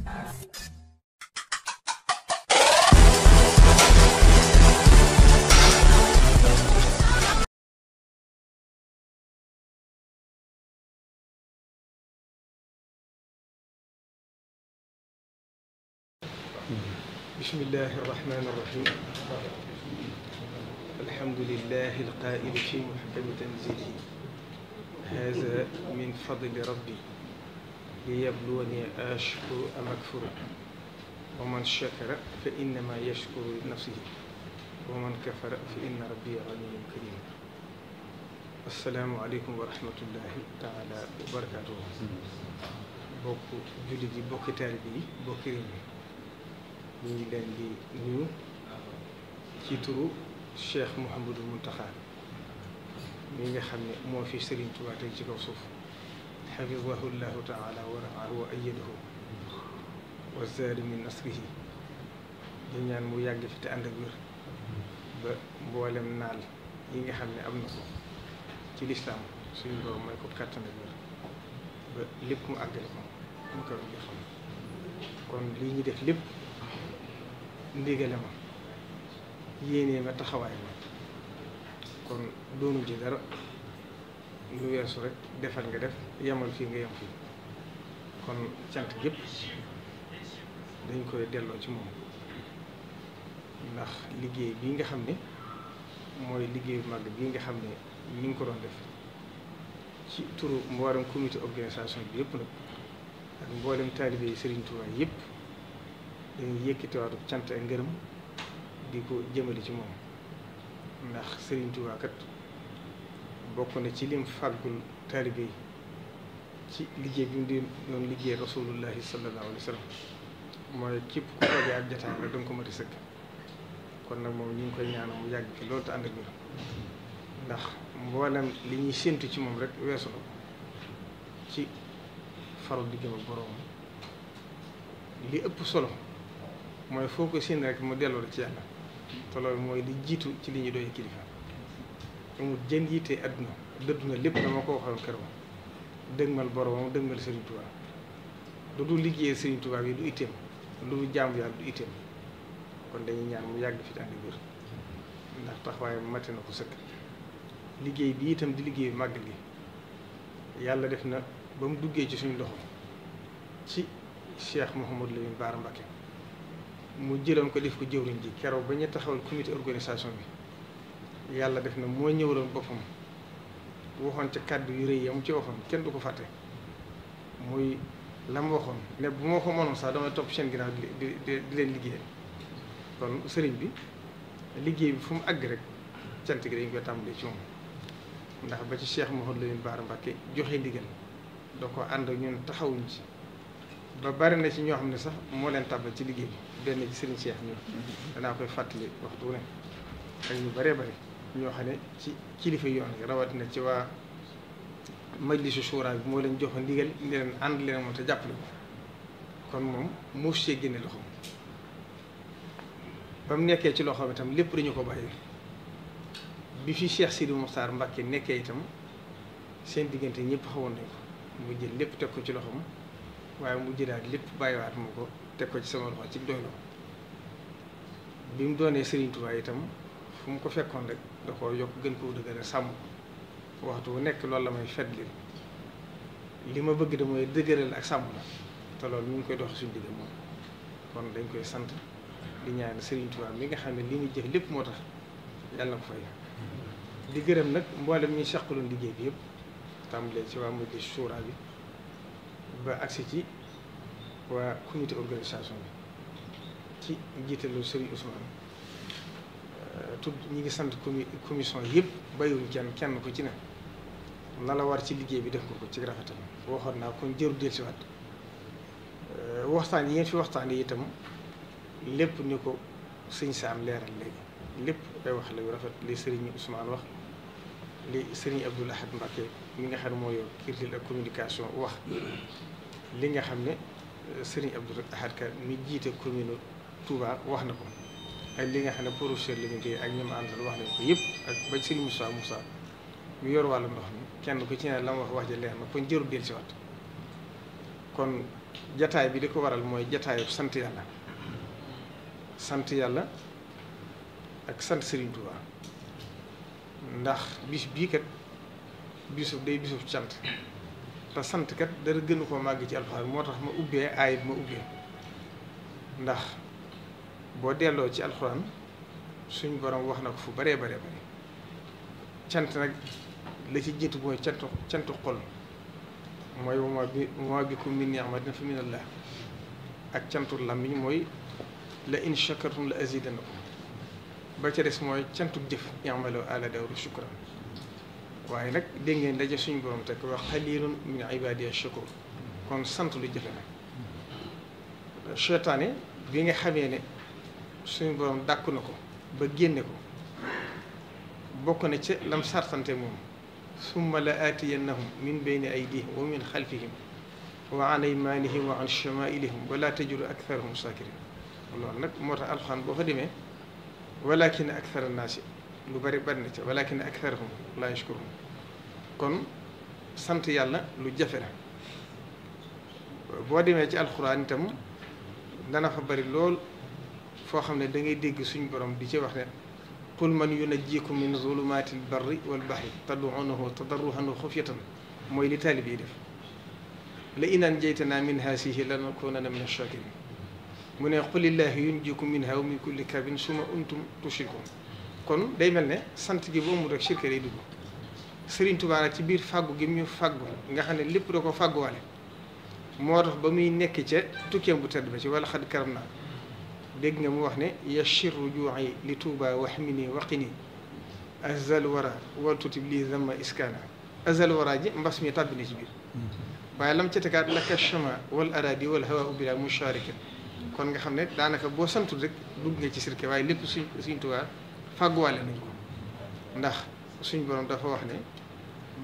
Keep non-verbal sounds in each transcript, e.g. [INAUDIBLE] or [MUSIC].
بسم الله الرحمن الرحيم الحمد لله القائل في محكم تنزيله هذا من فضل ربي ليبلوني أشكر أم أكفر ومن شكر فإنما يشكر لنفسه ومن كفر فإن ربي غني كريم asalaamualeykum wa rahmatullahi taala wa barakatuhu bokk jullit yi bokki taalibe yi bokki réew mi ñu ngi leen di nuyu ci turu Cheikh Mouhamadou Mountakha mi nga xam ne moo fi Serigne Touba tey ci kaw suuf xafidahu llahu taala wa raahu wa ayadahu wa zaada min nasrihi di ñaan mu yàgg fi te ànd ak ba mboolem naal yi nga xam ne am na ko ci lislaam suñu borom may ko kàttan ak ba lépp mu àggale ko mu kaw gi xam kon lii ñu def lépp ndigale ma yéenee ma taxawaay ma kon doonu ji lu weesu rek defal nga def yemal fii nga yem fii kon cant gépp dañ koy delloo ci moom ndax liggéey bii nga xam ni mooy liggéeyu mag bii nga xam ne ñu ngi ko doon def ci turu mboolem comité organisation bi yëpp nag ak mboolem taalibe yi Serigne Touba yëpp dañuy yëkkatiwaatu cant ak ngërëm di ko jëmale ci moom ndax Serigne Touba bokk na ci lim fàggul taalibe yi ci liggéey bi mu di doon liggéey rasulullahi sallallahu alayhi wa sallam mooy képp ku ak jotaay rek da ko mën a sëkk kon nag moom ñu ngi koy ñaanal mu yàgg fi loolu te ànd ak ndax mboolem li ñuy séentu ci moom rek weesu na ci faru diggam ak boroom li ëpp solo mooy foo ko séen rek mu delloo la ci yàlla te loolu mooy li jiitu ci li ñu doy kilifa. amul jën yitte àdduna dëddu na lépp dama ko waxal keroog dëgmal boromam dëgmal Serigne Touba lu du liggéeyee Serigne Touba bi du itteem lu jaamu yàlla du itteem kon dañuy ñaan mu yàgg fi tànn biir ndax taxawaayam mate na ko sëkk liggéey bi itam di liggéey màgg gi yàlla def na ba mu duggee ci suñu loxo ci Cheikh Mouhamadou Lamine Bara Mbacké mu jëloon ko def ko jëwriñ ji keroo ba ñu taxawal comité organisation bi. yàlla def na moo ñëwaloon boppam waxoon ci kàddu yu rëy yam ci waxoon kenn du ko fàtte muy la waxoon ne bu ma ko mënoon sax damay topp seen ginnaaw di di di leen liggéeyal kon sëriñ bi liggéey bi fu mu àgg rek cant gi dañ koy tàmbali ci moom ndax ba ci Cheikh Mouhamadou Lamine Bara Mbacké joxe ndigal da ko ànd ak ñun taxawuñ ci ba bari na ci ñoo xam ne sax moo leen tàbbal ci liggéey bi benn ci sëriñ Cheikh ñun mm-hmm. danaa koy fàttali waxtu ne ak ñu bëree ñoo xam ne ci kilifa yoo xam ne rawatina ci waa majlisu suuraa bi moo leen jox ndigal ni leen ànd leen moom te jàppale ko kon moom moo see génne loxo ba mu nekkee ci loxo bi itam lépp dañu ko bàyyi bi fi Cheikh Sidi Mokhtar Mbacke nekkee itam seen diggante ñépp xawoon nañ ko mu jël lépp teg ko ci loxoom waaye mu jëlaat lépp bàyyiwaat mu ko teg ko ci sama loxo ci doy bi mu doonee Serigne itam. fu mu ko fekkoon rek da koo yokk gën koo dëgëral sàmm waxtu bu nekk loolu la may fetli li ma bëgg de mooy dëgëral ak sàmm la te loolu mu ngi koy dox suñu digg moom kon dañ koy sant di ñaan Serigne Touba mi nga xam ne li muy jëf lépp moo tax yàlla na ko fay di gërëm nag mboolem ñuy seqaloon liggéey bi yëpp tàmbalee ci waa mujj suura bi ba agsi ci waa comité organisation bi ci jiitalu Serigne Ousmane. Euh, tudd ñi ngi sant comi commission yëpp bayuñ kenn kenn ko ci ne na la war ci liggéey bi def nga ko ci rafetal waxoon naa kon jëru del si waat euh, waxtaan yi ngeen fi waxtaan itam lépp ni ko sëñ Saam leeral léegi lépp ay wax la rafet li sëriñ Ousmane wax li sëriñ Abdoul Ahad Mbacké mi nga xam ne mooy yor kirtil ak communication wax li nga xam ne euh, sëriñ Abdoul Ahad ka mi jiite commune Touba wax na ko ak li nga xam ne professeur li ñu koy ak ñoom àndal wax nañ ko yëpp ak ba sëñ Moussa Moussa ñu yor wàllu ndox mi kenn ku ci ne la ma wax wax ji leer na kon jëru del si wat kon jataay bi li ko waral mooy jataayu sant yàlla sant yàlla ak sant Serigne Touba ndax bis bii kat bisub day bisub cant te sant kat dara gënu koo màgg ci alxuraan moo tax ma ubbee aayit ma ubbee ndax boo delloo ci alxuraan suñ borom wax na ko fu baree baree bare cant nag la ci jiitu mooy cantu cantu xol mooy wama bi wama bikum min ni'matin fa min Allah ak cantu làmmiñ mooy la in shakartum la azidannakum ba ca des mooy cantu jëf i'malu ala Daawuda shukran waaye nag dégg ngeen daje suñu borom teg wax xaliilun min ibaadiya shakuur kon sant lu jëfe nag seytaane bi nga xamee ne suñu borom dàkku na ko ba génne ko bokk na ca lam sartante moom summa la aatiyannahum min bayni aydihim wa min xalfihim wa an aymanihim wa an chamailihim wala tajidu aktharahum shakirin loolu nag moo tax alxuraan boo fa demee walakin akthara naasi lu bari bari na ca walakin aktharahum la kon sant yàlla lu jafe la boo demee ci alxuraan itam dana fa bari lool foo xam ne da ngay dégg suñu borom bi ci wax ne qul man yunajjikum min zulumaati albarri walbahri tad'uunahu tadarruhan wa xufyatan mooy li taalib yi def la in anjaytanaa min haasihi lanakuunanna min a shaakiriin mu ne qulillaahi yunjiikum minhaa wa min kulli kaabin summa antum tushrikuun kon day mel ne sant gi bu amul rek shirka day dugg Sëriñ Tuubaa ci biir fàggu gi mu ñu fàggu nga xam ne lépp da ko fàgguwaale moo tax ba muy nekk ca tukkeem bu tedd ba ci wala xad karam naa dégg nga mu wax ne yashir rujuu'i li tuuba waxmini waqini azal wara wal tutib lii zamma iskaana azal wara ji mbas mi tàbbi na ci biir waaye lam ca tegaat laka chama wal aradi wal hawa ubila musharikin kon nga xam ne daanaka boo santul rek dugg nga ci sirke waaye lépp suñ suñ tubaab fàgguwaale nañ ko ndax suñ borom dafa wax ne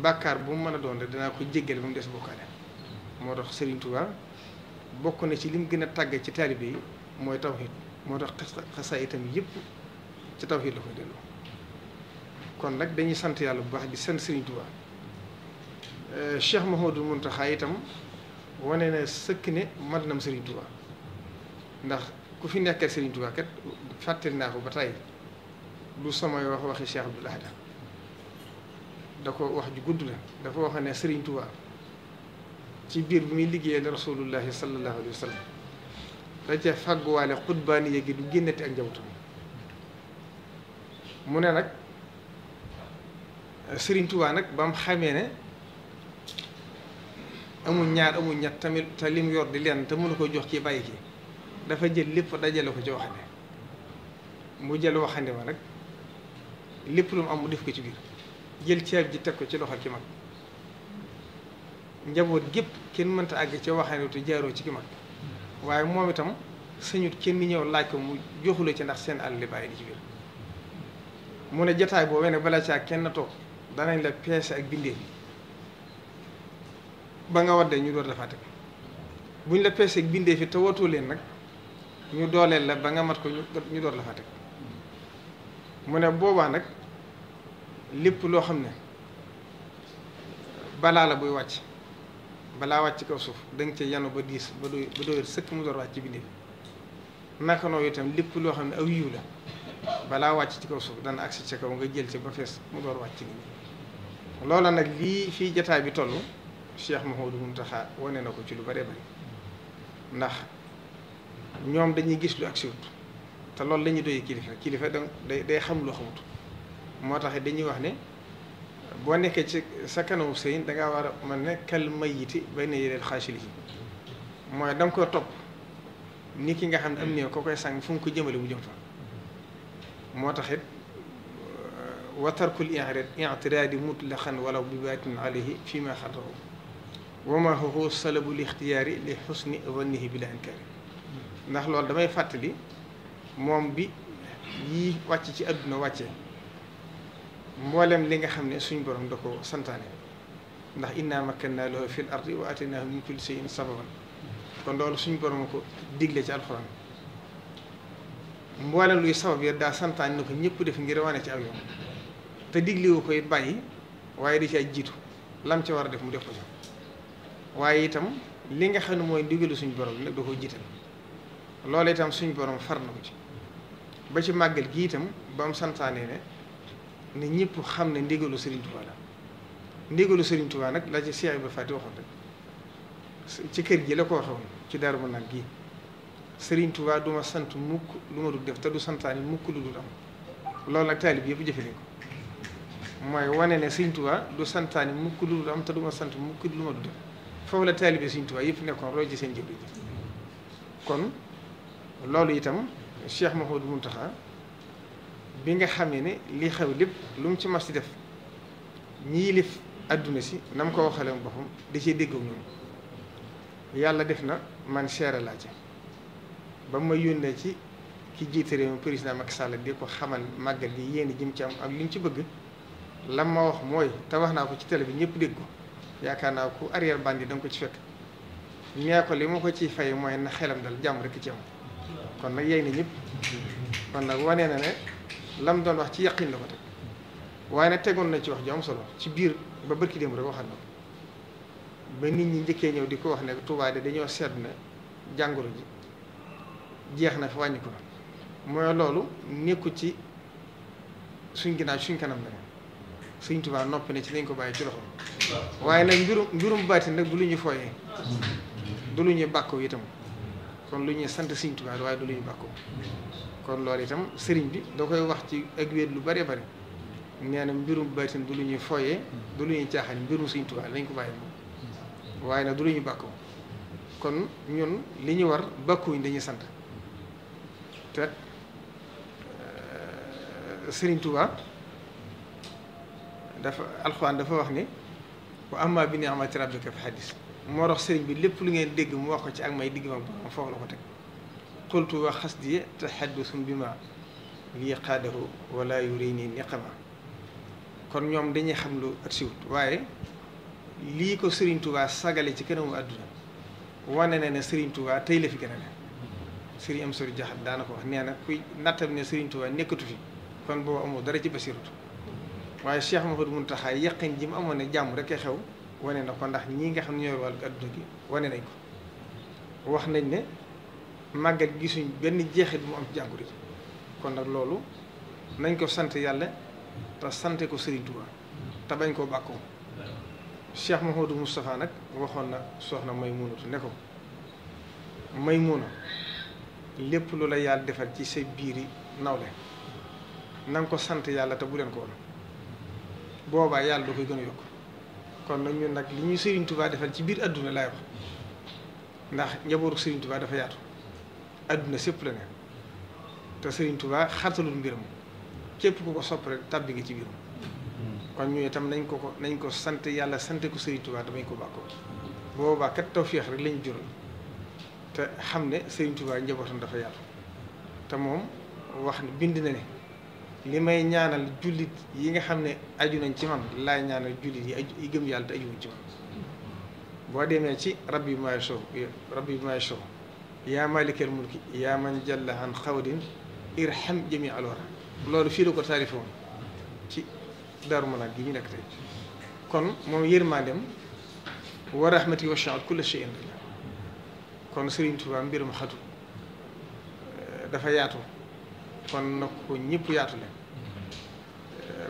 bàkkaar bu mu mën a doon rek danaa ko jéggal ba mu des bokkaale moo tax Serigne Touba bokk na ci lim gën a tàgg ci taalibe yi mooy tawhid moo tax xasaa itam yëpp ci tawhid la koy delloo kon nag dañuy sant yàlla bu baax di sant Sëriñ Tuubaa euh, Cheikh Mahoudou Mountakha itam wane na sëkk ne mat nam Sëriñ Tuubaa ndax ku fi nekkal Sëriñ Tuubaa kat fàttali naa ko ba tey lu samay wax waxi Cheikh Abdoul Ahad da ko wax ju gudd la dafa wax ne Sëriñ Tuubaa ci biir bi muy liggéeyee liggéeyal rasulullahi sallallahu alayhi wa sallam da ca fàgguwaale xutbaani yéegi du génnati ak njabootu bi mu ne nag Sëriñ nag ba mu xamee ne amul ñaar amul ñett tamit te lim yor di leen te mënu ko jox ci bàyyi ki dafa jël lépp dajale ko ci waxande mu jël waxande ma nag lépp lu mu am mu def ko ci biir jël ceeb ji teg ko ci loxol ki mag njaboot gépp kenn mënta àgg ci waxande te jaaroo ci ki mag waaye moom itam sañut kenn ñëw laaj ko mu joxule ci ndax seen àll li mu ne jataay boobu ne bala caa kenn toog danañ la peese ak bindeef yi ba nga waddee ñu door dafa teg buñ la peese ak bindeef yi te watoo leen nag ñu dooleel la ba nga mat ko ñu door dafa teg mu ne boobaa nag lépp loo xam ne balaa la buy wàcc balaa wàcc ci kaw suuf danga cee yanu ba diis ba doy ba doy sëkk mu door wàcc ci bindéef naka noonu itam lépp loo xam ne aw yiw la balaa wàcc ci kaw suuf dana agsi ci kaw nga jël ci ba fees mu door wàcc ci nit loola nag lii fii jataay bi toll Cheikh Mouhamadou Mountakha wane na ko ci lu bare ndax ñoom dañuy gis lu agsiwut te loolu la ñuy kilifa kilifa day day xam loo xamut moo tax dañuy wax ne boo nekkee ci sa kanamu sëyin da ngaa war a mën ne kal mayiti bay na yédeel xaasili yi mooy da nga koy topp ni ki nga xam ne am néew ko koy sàng fu mu ko jëmale bu jëm fa moo tax it euh, wa tarkul i'tiraadi mutlaqan walaw bi baatin alayhi fi ma xatahu wa ma huwa salabu li ixtiyaari li xusni zannihi bi la inkaari ndax loolu damay fàttali moom bi yi wàcc ci àdduna wàcce mboolem li nga xam ne suñ borom da ko santaane ndax inna makkannaa lahu fil ardi wa ataynaahu min kulli shay'in sababan kon loolu suñ borom ko digle ci alxuraan mboolem luy sabab ya daa santaane na ko ñëpp def ngir wane ci aw yoon te digliwu koy bàyyi waaye da ci ay jiitu lam ci war a def mu def ko ci waaye itam li nga xam ne mooy ndigalu suñ borom nag da ko jiital loolu itam suñ borom far na ko ci ba ci màggal gi itam ba mu santaane ne ñëpp xam ne ndigalu Serigne Touba la ndigalu Serigne Touba nag laa ci Cheikh Ibrahima Fati waxoon rek ci kër gi la ko waxoon ci Darou nag gii Serigne Touba du ma sant mukk lu ma dul def te du santaani mukk lu dul am loolu nag taalib yëpp jëfe nañ mooy wane ne Serigne Touba du santaani mukk lu dul te du ma sant mukk lu ma dul def foofu la taalibe Serigne Touba yëpp nekkoon roy seen jëf ji kon loolu itam Cheikh Mouhamadou Mountakha. bi nga xamee ne li xew lépp lu mu ci mas di def ñii lif adduna si na mu ko waxale boppam da cee déggoog ñoom yàlla def na man seere laa ci ba mu ma yónnee ci ki jiite réew mi président Macky Sall di ko xamal màggal gi yéen jëm ci am ak li mu ci bëgg la ma wax mooy te wax naa ko ci tele bi ñëpp dégg ko yaakaar naa ko arrière band da nga ko ci fekk nee ko li ma ko ciy fay mooy na xelam dal jàmm rek ci am kon nag yey na ñëpp kon nag wane na ne. lam doon wax ci yaqin la ko teg waaye nag tegoon na ci wax ju am solo ci biir ba bërki démb rek waxal na ko ba nit ñi njëkkee ñëw di ko wax ne Touba de dañoo seet na jàngoro ji jeex na fi wàññi ko mooy loolu nekku ci suñ ginnaaw suñ kanam la suñ Touba noppi ne ci dañ ko bàyyi ci loxo waaye nag mbirum mbirum baatin nag du lu ñu fooyee du lu ñu bàkkoo itam kon lu ñuy sant Sëriñ Tuubaa waaye du lu ñu bàkkoo kon loolu itam sëriñ bi da koy wax ci ak wéet lu bari bari nee na mbirum baytin du lu ñuy fooye du lu ñuy caaxaan mbirum Sëriñ Tuubaa dañ ko bàyyi moom waaye nag du lu ñu bàkkoo kon ñun li ñu war bàkkuñ dañuy sant te euh, Sëriñ Tuubaa dafa alxuraan dafa wax ni wa amma bi ni'mati rabbika fa haddis moo tax sëriñ bi lépp lu ngeen dégg mu wax ko ci ak may digg ma borom foofu la ko teg xultu wa xasdiya taxaddusum bi ma lii xaadahu wala yuri nii niqama kon ñoom dañuy xam lu at siwut waaye lii ko sëriñ Touba sagale ci kanamu àdduna wane na ne sëriñ Touba tey la fi gën a sëriñ am sori jaxat daana ko wax nee na kuy nattam ne sëriñ Touba nekkatu fi kon boobu amul dara ci basirutu waaye Cheikh Mouhamadou Mountakha yaqin ji mu amoon ne jàmm rek xew wane na ko ndax ñii nga xam ne ñooy wàllu gi wane nañ ko wax nañ ne màggat gisuñ benn jeexit mu am jàngur yi kon nag loolu nañ ko sant yàlla te sante ko Serigne Touba te bañ koo bàkkoo Cheikh Mouhamadou Moustapha nag waxoon na soxna Maymunatu ne ko may Maymuna lépp lu la yàlla defal ci sa yi nawle na nga ko sant yàlla te bu leen ko woon boobaa yàlla doo koy gën yokk kon nag ñun nag li ñuy Serigne tubaa defal ci biir àdduna laay wax ndax njabootu Serigne Touba dafa yaatu adduna sépp la ne te sëriñ tubaa xartalul mbiram képp ku ko sopp rek tàbbi nga ci biiram kon ñu itam nañ ko ko nañ ko sante yàlla sant ko Serigne Touba damañ ko bàkkoo boobaa kat tawféex rek lañ jural te xam ne Serigne Touba njabootam dafa yaatu te moom wax bind na ne. li may ñaanal jullit yi nga xam ne aju nañ ci man laay ñaanal jullit yi aju yi gëm yàlla te ajuwuñ ci man boo demee ci rabbi bi maay sow rabbi bi maay sow yaa malikal mulki yaa man jalla an xawdin loolu fii la ko taarifé ci Daaru Manaan gi ñu nekk tey kon moom yërmaandeem wa rahmati wasi'at kulla shay'in kon Serigne Touba mbirum xatu dafa yaatu kon na ko yaatu yaatule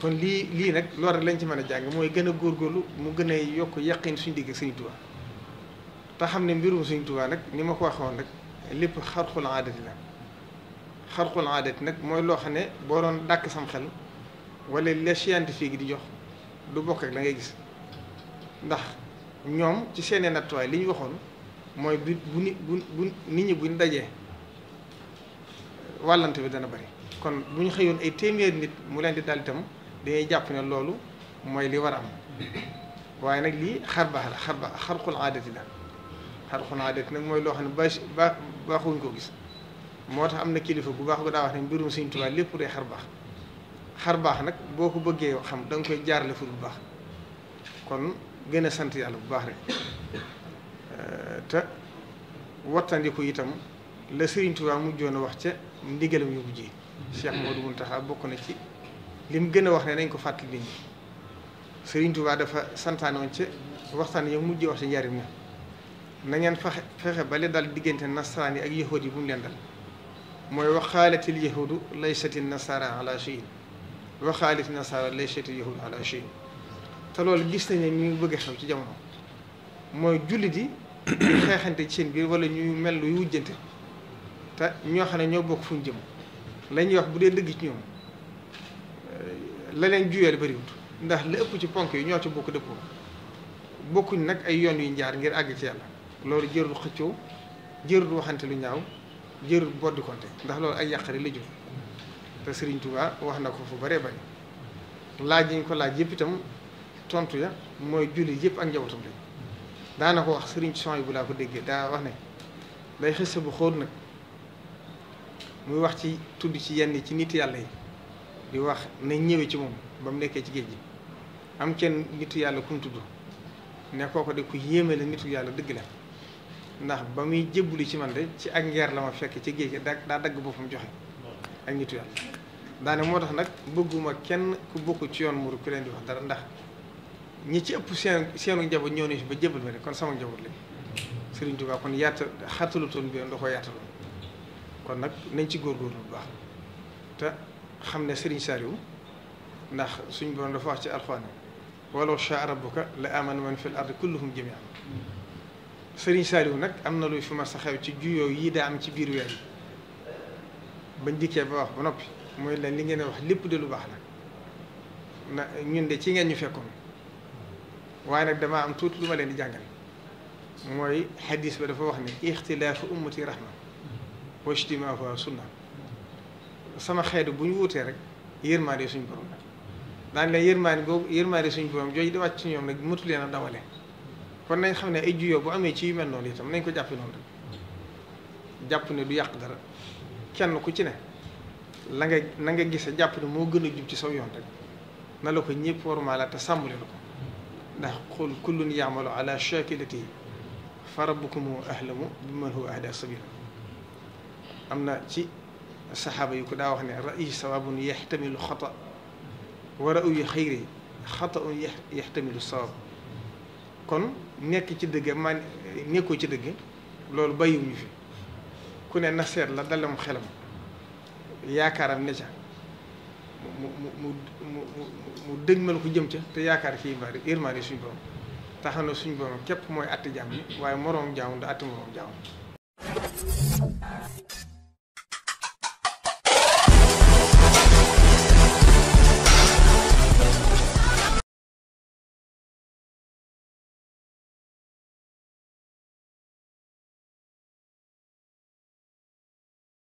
kon lii lii nag loolu lañ ci mën a jàng mooy gën a góorgóorlu mu gën a yokk yaqin suñu digg ak Sëriñ Tuubaa te xam ne mbirum Sëriñ Tuubaa nag ni ma ko waxoon rek lépp xarxul aadati la xarxul aadati nag mooy loo xam ne boo doon dàkk sam xel wala les scientifique di jox du bokk ak la ngay gis ndax ñoom ci seenee nattuwaay li waxoon mooy bu bu bu nit ñi buñ dajee wàllante bi dana bari kon bu ñu xëyoon ay téeméer nit mu leen di dal itam dañuy jàpp ne loolu mooy li war a am waaye nag lii xar baax la xar baax xarqul aadati la xarqul aadati nag mooy loo xam ne baax baaxuñ koo gis moo tax am na kilifa bu baax bu daa wax ne mbirum Sëñ Tuubaa day xar baax xar baax nag boo ko bëggee xam danga nga koy jaarale fu bu baax kon gën a sant yàlla bu baax rek te wattandiku itam la Sëriñ Tuubaa mujjoon wax ca ndigalam yu mujj Cheikh mm. Modou Mountakha bokk na ci lim gën a wax ne nañ ko fàttali nit ñi Serigne dafa santaane woon ci waxtaan yow mujj wax ci njariñ na na ngeen fexe fexe ba li dal diggante nasaraan yi ak yahuud yi bu mu leen dal mooy waxaalatil yahuudu laysati nasara ala shay'in waxaalati nasara laysati yahuudu ala shay'in te lool gis nañ ne ñu bëgg xew ci jamono mooy jullit yi [COUGHS] xeexante ci seen biir walla ñuy mel lu wujjante te ñoo xam ne ñoo bokk fu ñu jëm la ñuy wax bu dee dëgg ci ñoom la leen juyeel bariwut ndax li ëpp ci ponk yi ñoo ci bokk dëppoo bokkuñ nag ay yoon yu njaar ngir àgg ci yàlla loolu jërul xëccoo jërul waxante lu ñaaw jërul boddi konte ndax loolu ay yàqari la jur te sëriñ Touba wax na ko fu baree bëri laaj yi ñu ko laaj yëpp itam tontu ya mooy julli yëpp ak njabootam lañ daana ko wax sëriñ Souhaïbou bu laa ko déggee daa wax ne day xis bu xóot nag. muy wax ci tudd ci yenn ci nit yàlla yi di wax ne ñëwee ci moom ba mu nekkee ci géej gi am kenn nitu yàlla ku tudd ne kooko de ku yéeme la nitu yàlla dëgg la ndax ba muy jébbuli ci man de ci ak ngeer la ma fekk ci géej gi daa dagg boppam joxe ak nitu yàlla daanee moo tax nag bëgguma kenn ku bukk ci yoon muru ki leen di wax dara ndax ñi ci ëpp seen seenu njaboot ñëw nañu fi ba jébbal ma ne kon sama njaboot lañ Sëriñ Tuubaa kon yaata xatalutoon bi nda ko yaataloon kon nag nañ ci góorgóorlu bu baax te xam ne Serigne Saliou ndax suñ borom dafa wax ci alxuraan walaw shaa rabbuka la amana man fil ardi kulluhum jami'an Serigne Saliou nag am na luy fi ma sa ci juyoo yii daa am ci biir weer yi bañ dikkee ba wax ba noppi mooy leen li ngeen wax lépp de lu baax la na ñun de ci ngeen ñu fekkoon waaye nag damaa am tuuti lu ma leen di jàngal mooy xadis ba dafa wax ne ixtilaafu ummati rahma wajtimaa fa sunna sama xeetu bu ñu wutee rek yërmaande suñu borom la daan leen yërmaande boobu yërmaande suñu borom jooju di wàcc ci ñoom nag mëtu leen a dawale kon nañ xam ne ay juyoo bu amee ci yu mel noonu itam nañ ko jàpp noonu rek jàpp ne du yàq dara kenn ku ci ne la nga na nga gise jàpp ne moo gën a jub ci saw yoon rek na la ko ñëpp warmaala te sàmm leen ko ndax qul kullun yaamalu ala shakilatihi fa rabbukum ahlamu bi man huwa ahda sabila am na ci saxaaba yu ko daa wax ne ra'yi sawaabun yaxtamilu xata wa ra'yu xayri xata un yaxtamilu sawaab kon nekk ci dëgg man nekkoo ci dëgg loolu bàyyiwuñu fi ku ne na seet la dalam xelam yaakaaram ne ca mu mu mu mu mu dëgmal ko jëm ca te yaakaar ci bari irmaani suñu borom taxana suñu borom képp mooy atti jaam yi waaye moroom jaamu da atti moroom jaamu